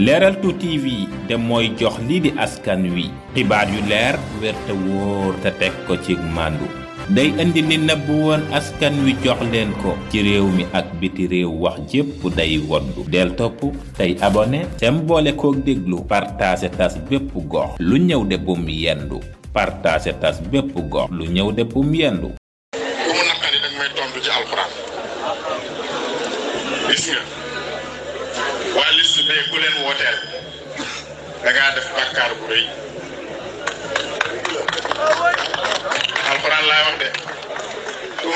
leeral tu TV te mooy jox lii di askan wi xibaar yu leer wér wóor te teg ko ci màndu day indi li nëbb woon askan wi jox leen ko ci réew mi ak biti réew wax jépp day woddu del topp tey abone tem boole kook déglu partage tas bépp gox lu ñëw de bum yendu partage tas bépp gox lu ñëw de bum yendu dee ku leen wooteel bu rëy alxuraan laa wax de du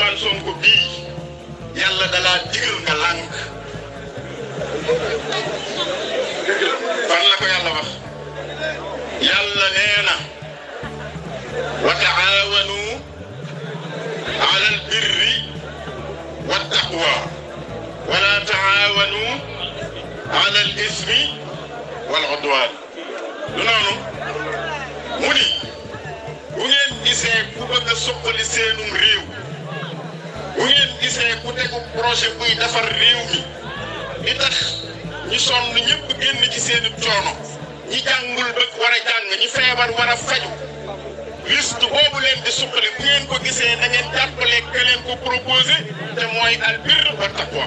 ma wet bii yàlla dalaa digal nga lànk fan la ko yàlla wax yàlla nee na وتعاونوا على البر والتقوى ولا تعاونوا على الاثم والعدوان دونو مولي وين غيسه كو بغا سوق لي سينو ريو وين غيسه كو تيكو بروجي بوي دافار ريو كي لي تخ ني سون نييب ген سينو تيونو ني جانغول بك ورا جانغ ني فيبر ورا فاجو liste boobu leen di suqali bu ngeen ko gisee na ngeen jàppale ke leen ko proposé te mooy albir ba taqwa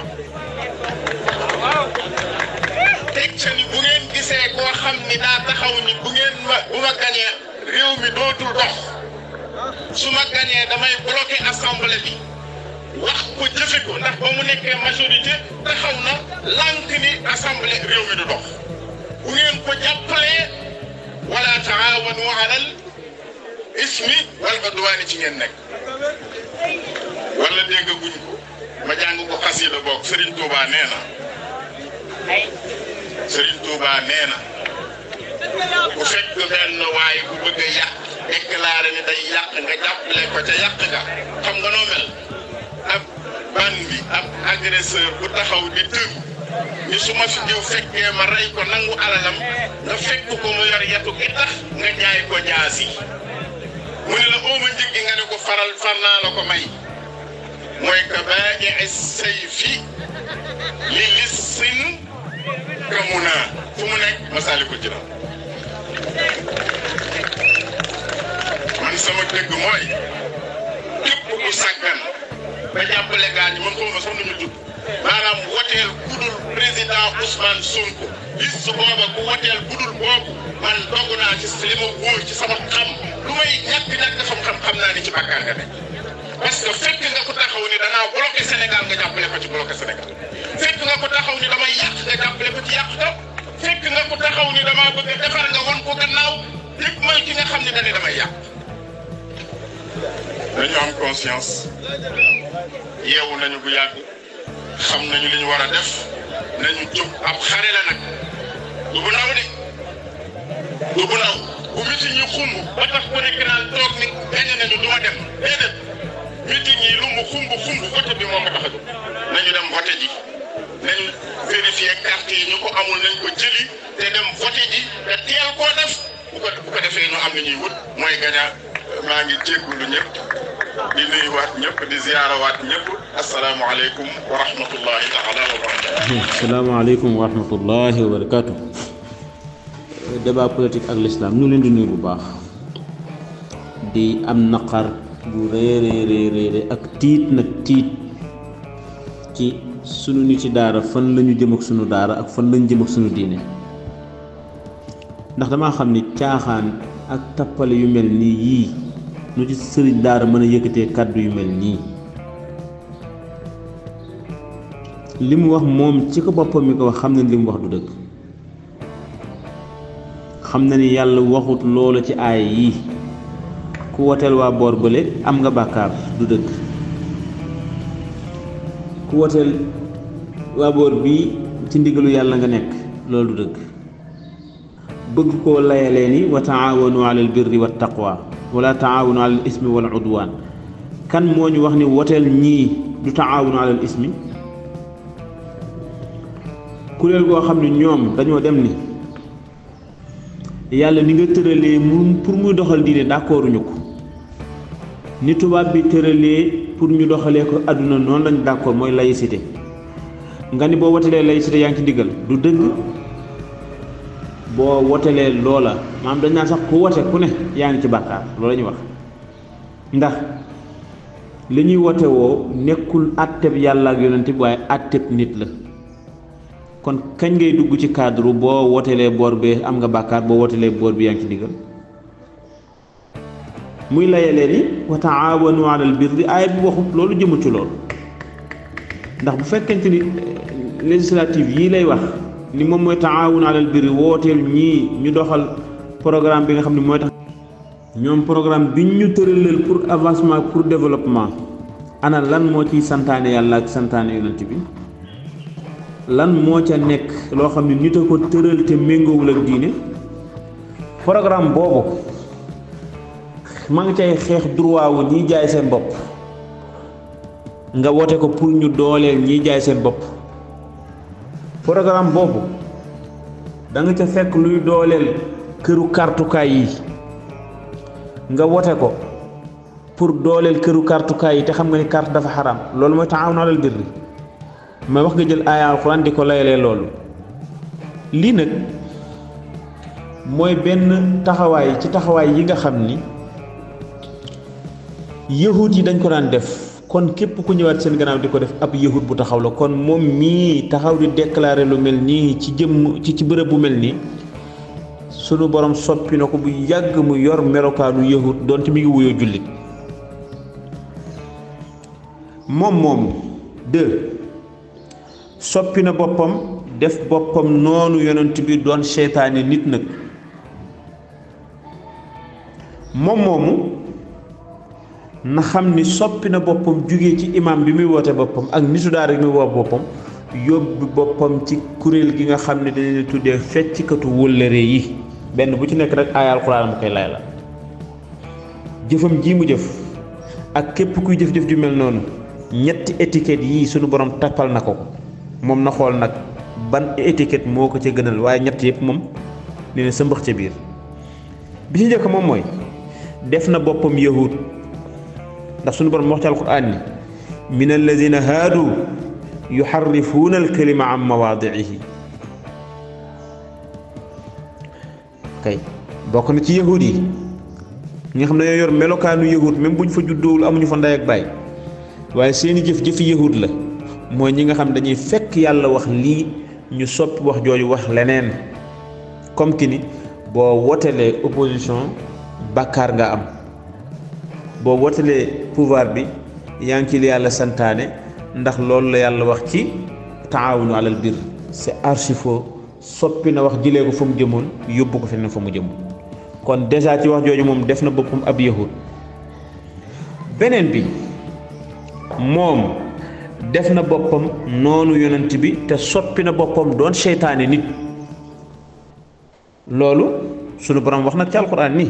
teg ca ni bu ngeen gisee koo xam ni daa taxaw ni bu ngeen ma bu ma gañee réew mi dootul dox su ma gañee damay bloqué assemblée bi wax ko jëfe ko ndax ba mu nekkee majorité taxaw na lànk ni assemblée réew mi du dox bu ngeen ko jàppalee wala taawanu alal ismi wal udwaani ci ngeen nekk wala dégg guñ ko ma jàng ko xasida bokk Serigne Touba nee na Serigne Touba nee na waaye bu bëgg a yàq déclaré ni day yàq nga jàppale ko ca yàq ga xam nga noo mel ab bandi ab agresseur bu taxaw di tënku ni su ma fi diw fekkee ma rey ko nangu alalam nga fekk ko mu yor yetu gi tax nga jaay ko jaas mu ne la ooma njëg nga ne ko faral far naa la ko may mooy ka baagi ay li lissin ka naa fu mu nekk Masaalikul Jinaan man sama dëgg mooy képp mu sàggan ba jàppale gaañ man xaw ma sax mu tudd maanaam woteel kudul président Ousmane Sonko liste booba ku woteel kudul boobu man dogg naa ci li ma ci sama xam may ñàkk ñàkk fam xam xam naa ni ci bàkkaar nga ne parce fekk nga ko taxaw ni danaa bloqué Sénégal nga jàppale ko ci bloqué Sénégal fekk nga ko taxaw ni damay yàq nga jàppale ko ci yàq ko fekk nga ko taxaw ni damaa bëgg defar nga won ko gannaaw lépp mooy ki nga xam ne dañu yàq. dañu am conscience yeewu nañu bu yàgg xam nañu li ñu war a def nañu jóg ab xare la nag du bu ndaw de du meeting yi xumb ba tax ku nekk naan toog ni gañe nañu du ma dem déedéet meeting yi lu mu xumb xumb vote bi moo ko tax a jóg nañu dem vote ji nañ vérifier carte yi ñu ko amul nañ ko jëli te dem vote ji te teel koo def bu ko bu ko defee ñu am li ñuy wut mooy gaña maa ngi jéggulu ñëpp di nuyuwaat ñëpp di ziyaarawaat ñëpp asalaamaaleykum wa rahmatullahi taala wa barakatu asalaamaaleykum wa rahmatullahi wa barakatu débat politique ak l'islam ñu leen di nuyu bu baax di am naqar bu réeréeréeré ak tiit nag tiit ci sunu nit ci daara fan lañu jëm ak sunu daara ak fan la ñu jëm ak sunu diine ndax dama xam ni caaxaan ak tappale yu mel nii yii nu ci sëriñ daara mën a yëkkatee kàddu yu mel nii li mu wax moom ci ko boppam mi ko xam ne li mu wax du dëgg xam na ni yàlla waxut loola ci aay yi ku woteel waa boor bële am nga bàkkaar du dëgg ku woteel waa bii ci ndigalu yàlla nga nekk loolu du dëgg bëgg koo layalee ni wa taawanu alal birri wa taqwa wala taawanu alal ismi wal udwaan kan moo ñu wax ni woteel ñii du taawanu alal ismi kuréel goo xam ne ñoom dañoo dem ni yàlla ni nga tëralee mu pour muy doxal diine d'accord ñu ko ni tubaab bi tëralee pour ñu doxalee ko àdduna noonu lañu d'accord mooy laïcité nga ni boo wotelee laïcité yaa ngi ci diggal du dëgg boo wotelee loola maanaam dañ naan sax ku wote ku ne yaa ngi ci bàkkaar loolu la ñu wax ndax li ñuy wote woo nekkul àtteb yàlla ak yonent bi waaye àtteb nit la kon kañ ngay dugg ci cadre boo wotelee boor bee am nga bàkkaar boo wotelee boor bi yaa ngi ci digal muy layalee ni wa taawanu alal birri aaya bi waxut loolu jëmu ci loolu ndax bu fekkent ni eh, législative yii lay wax ni moom mooy taawanu alal birri wooteel ñii ñu doxal programme bi nga xam ne mooy tax ñoom programme bi ñu tëraleel pour avancement pour développement ana lan moo ciy santaane yàlla ak santaane yonent bi lan moo ca nekk loo xam ne nit a ko tëral te méngoowul ak diine programme boobu ma ngi cay xeex droit wu ñiy jaay seen bopp nga woote ko pour ñu dooleel ñiy jaay seen bopp programme boobu danga ca fekk luy dooleel këru kartukaay yi nga wote ko pour dooleel këru kartukaay yi te xam nga ni carte dafa xaram loolu mooy taawun alal birri ma wax nga jël aaya alxuraan di ko layalee loolu lii nag mooy benn taxawaay ci taxawaay yi nga xam ni yahut yi dañ ko daan def kon képp ku ñëwaat seen gannaaw di ko def ab yahut bu taxaw la kon moom mii taxaw di déclarer lu mel nii ci jëmm ci ci bërëb bu mel ni sunu boroom soppi na ko bu yàgg mu yor melokaanu yahut donte mi ngi wuyoo jullit moom moom de soppi na boppam def boppam noonu yonent bi doon seytaane nit nag moom moomu na xam ni soppi na boppam jóge ci imaam bi muy woote boppam ak nitu daara bi muy woo boppam yóbbu boppam ci kuréel gi nga xam ne dañuy tuddee feccikatu wóllëre yi benn bu ci nekk rek aaya alxuraan koy lay la jëfam ji mu jëf ak képp kuy jëf-jëf ju mel noonu ñetti étiquette yii sunu borom tappal na ko moom na xool nag ban étiquette moo ko ca gënal waaye ñett yëpp moom nee na sa ca biir bi ci njëkk moom mooy def na boppam yahud ndax suñu borom wax ci alquran ni min alladina haadu yuxarrifuuna alkalima an mawaadiihi kay bokk na ci yahud yi ñi nga xam ne ñoo yor melokaanu yahud même bu ñu fa juddoowul amuñu fa ndey ak baay waaye seeni jëf jëfi yahud la mooy ñi nga xam dañuy fekk yàlla wax lii ñu soppi wax jooju wax leneen comme ki ni boo wotelee opposition bàkkaar nga am boo wotelee pouvoir bi yaa ngi ci yàlla santaane ndax loolu la yàlla wax ci taawunu alal bir c'est archi faux soppi na wax jëlee ko fa mu jëmoon yóbbu ko feneen fa mu jëmoon kon déjà ci wax jooju moom def na boppum ab yahud beneen bi moom defna bopam nonu yonenti bi te soppi bopam don doon nit lolou sunu borom waxna ci alquran ni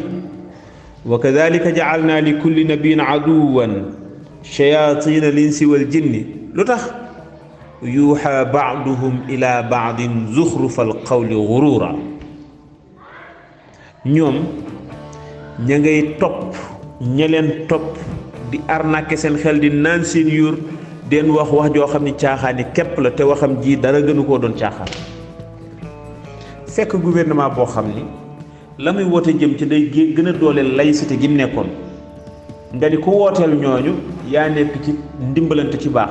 wa kadhalika jaalna li kulli nabiyyin aduwan shayatin al-insi wal jinn lutax yuha yuuxa baaduhum ila baadin zuxrufa alqawli gurura ñoom ña ngay top ñelen top di arnaquer sen xel di nan sen yur den wax wax joo xam ni caaxaani képp la te waxam ji dara gënu koo doon caaxaan fekk gouvernement boo xam ni la muy wote jëm ci day gën a dooleel laïcité gi mu nekkoon nga ni ku wooteel ñooñu yaa nekk ci ndimbalante ci baax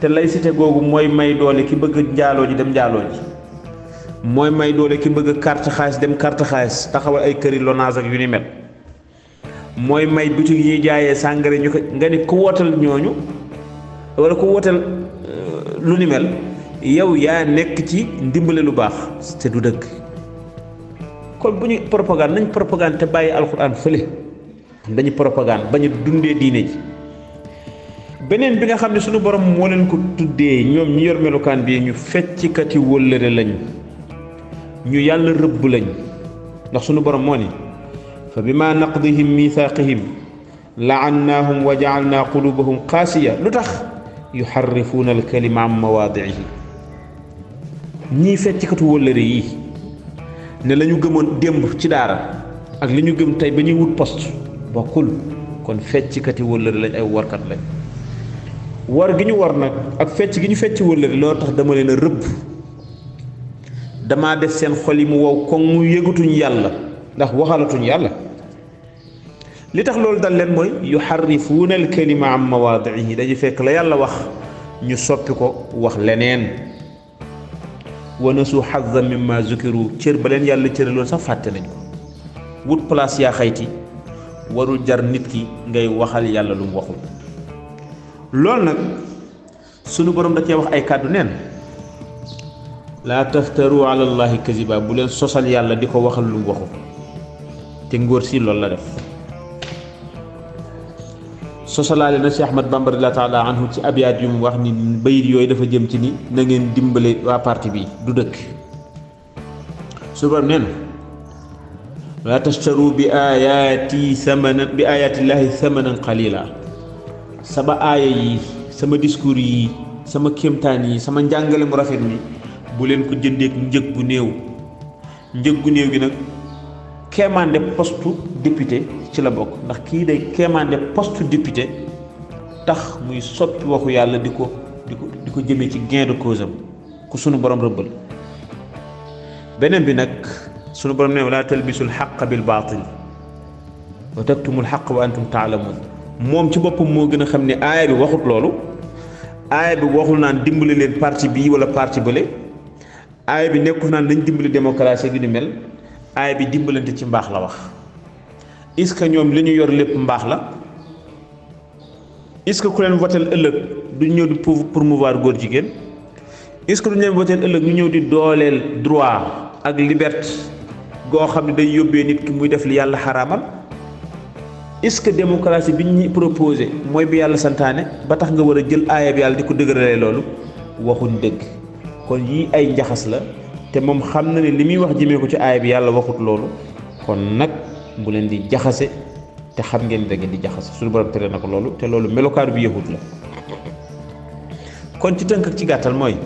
te laïcité googu mooy may doole ki bëgg njaaloo ji dem njaaloo ji mooy may doole ki bëgg carte xaalis dem carte xaalis taxawal ay këri lonage ak yu ni mel mooy may bitu yi ñuy jaayee sàngara ñu ko nga ni ku wootal ñooñu wala ko wooteel euh, lu ni yow yaa nekk ci ndimbale lu baax te du dëgg kon bu ñu propagande nañ propagande te bàyyi alxuraan fële dañu propagande bañu dundee diine ji beneen bi nga xam ne suñu borom moo leen ko tuddee ñoom ñi yor melukaan bi ñu fecckati wëllëre lañ ñu yàlla rëbb lañ ndax suñu borom moo ni fa bima naqdihim mithaqihim la'annahum wa ja'alna qulubahum qasiya lu tax yuxarrifuuna alkalima an mawaadiihi ñii feccikatu wëllëre yi ne lañu ñu gëmoon démb ci daara ak li ñu gëm tey ba ñuy wut post bokkul kon feccikati wëllëre lañ ay warkat lañ war gi ñu war nag ak fecc gi ñu fecc wëllëre loo tax dama leen a rëbb dama def seen xol yi mu wow koŋ mu yëgatuñ yàlla ndax waxalatuñ yàlla li tax loolu dal len moy yuharrifuna al kalima am mawaadiihi dajé fek la yàlla wax ñu soppi ko wax lenen wa nasu hazza mimma zukiru cër ba leen yàlla cëraloon sax faté nañ ko wut place ya xeyti waru jar nit ki ngay waxal yàlla lu mu waxul loolu nag sunu borom da ci wax ay kàddu nen la taftaru ala allah kaziba bu len sosal yàlla diko waxal lu mu waxul te ngor si lol la def sosalaale na Cheikh ahmed bambar radiallahu taala anhu ci abiyaat yum wax ni beuy yoy dafa jëm ci ni na ngeen dimbalé wa parti bi du dëkk subhan nee na la tashtaru bi ayati samana bi ayati llahi samanan qalila sama aya yi sama discours yi sama kemtan yi sama njàngale mu rafet ni bu len ko ak njëg bu neew njëg bu neew gi nak kemande poste député ci la bok ndax ki day kemande poste député tax muy soppi waxu yàlla diko diko diko jëme ci gain de cause am ku sunu borom rëbbal benen bi nak sunu borom ne wala talbisul haqq bil batil wa taktumul haqq wa antum ta'lamun mom ci bopum mo gëna xamni ay bi waxut lolu ay bi waxul nan dimbali len parti bi wala parti bële ay bi nekkul naan nañ dimbali démocratie bi di mel aay bi dimbalante ci mbaax la wax est que ñoom li ñu yor lépp mbaax la est-ce que ku leen votel ëllëg du ñëw di pour promouvoir góor jigéen est-ce que du ñu leen votel ëllëg ñu ñëw di dooleel droit ak libert goo xam ne day yóbbee nit ki muy def li yàlla xaraamal est-ce que démocratie bi ñu proposé mooy bi yàlla santaane ba tax nga war a jël aaya bi yàlla di ko dëgëralee loolu waxuñ dëgg kon yii ay njaxas la te mom xamna na ne li wax jime ko ci ay bi yalla waxut lolu kon nak bu len di jaxase te xam ngeen da ngeen di jaxase suñu borom tere na lolu te lolu melokar bi yahut la kon ci ci gatal moy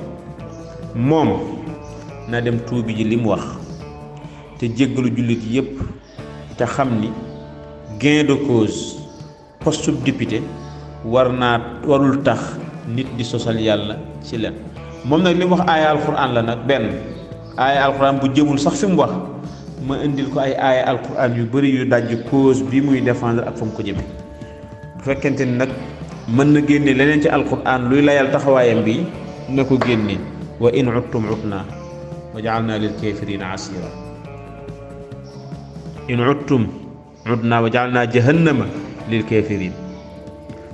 mom na dem tuubi ji lim wax te jéggalu julit yépp te xam ni gain de cause poste sub député war naa warul tax nit di sosal yàlla ci leen moom nag li mu wax aaya alquran la nag benn aaya alquran bu jëmul sax fim wax ma andil ko ay aaya alquran yu bari yu dajj cause bi muy défendre ak fam ko jëme bu fekkente ni nag mën na génne leneen ci alquran luy layal taxawayam bi na ko génne wa in uttum utna wa jaalna lil kafirin asira in uttum udna wa jaalna jahannama lil kafirin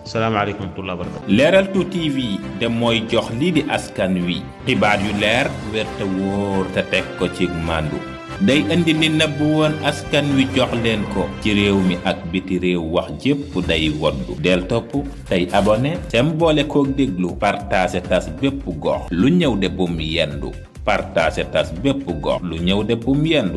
salaamaaleykum wa leeral tu TV te mooy jox lii di askan wi xibaar yu leer wér te wóor te teg ko ci màndu day indi li nëbb woon askan wi jox leen ko ci réew mi ak biti réew wax jépp day woddu del topp tey abone tem boole kook déglu partage tas bépp gox lu ñëw de bum yendu partage tas bépp gox lu ñëw de bum yendu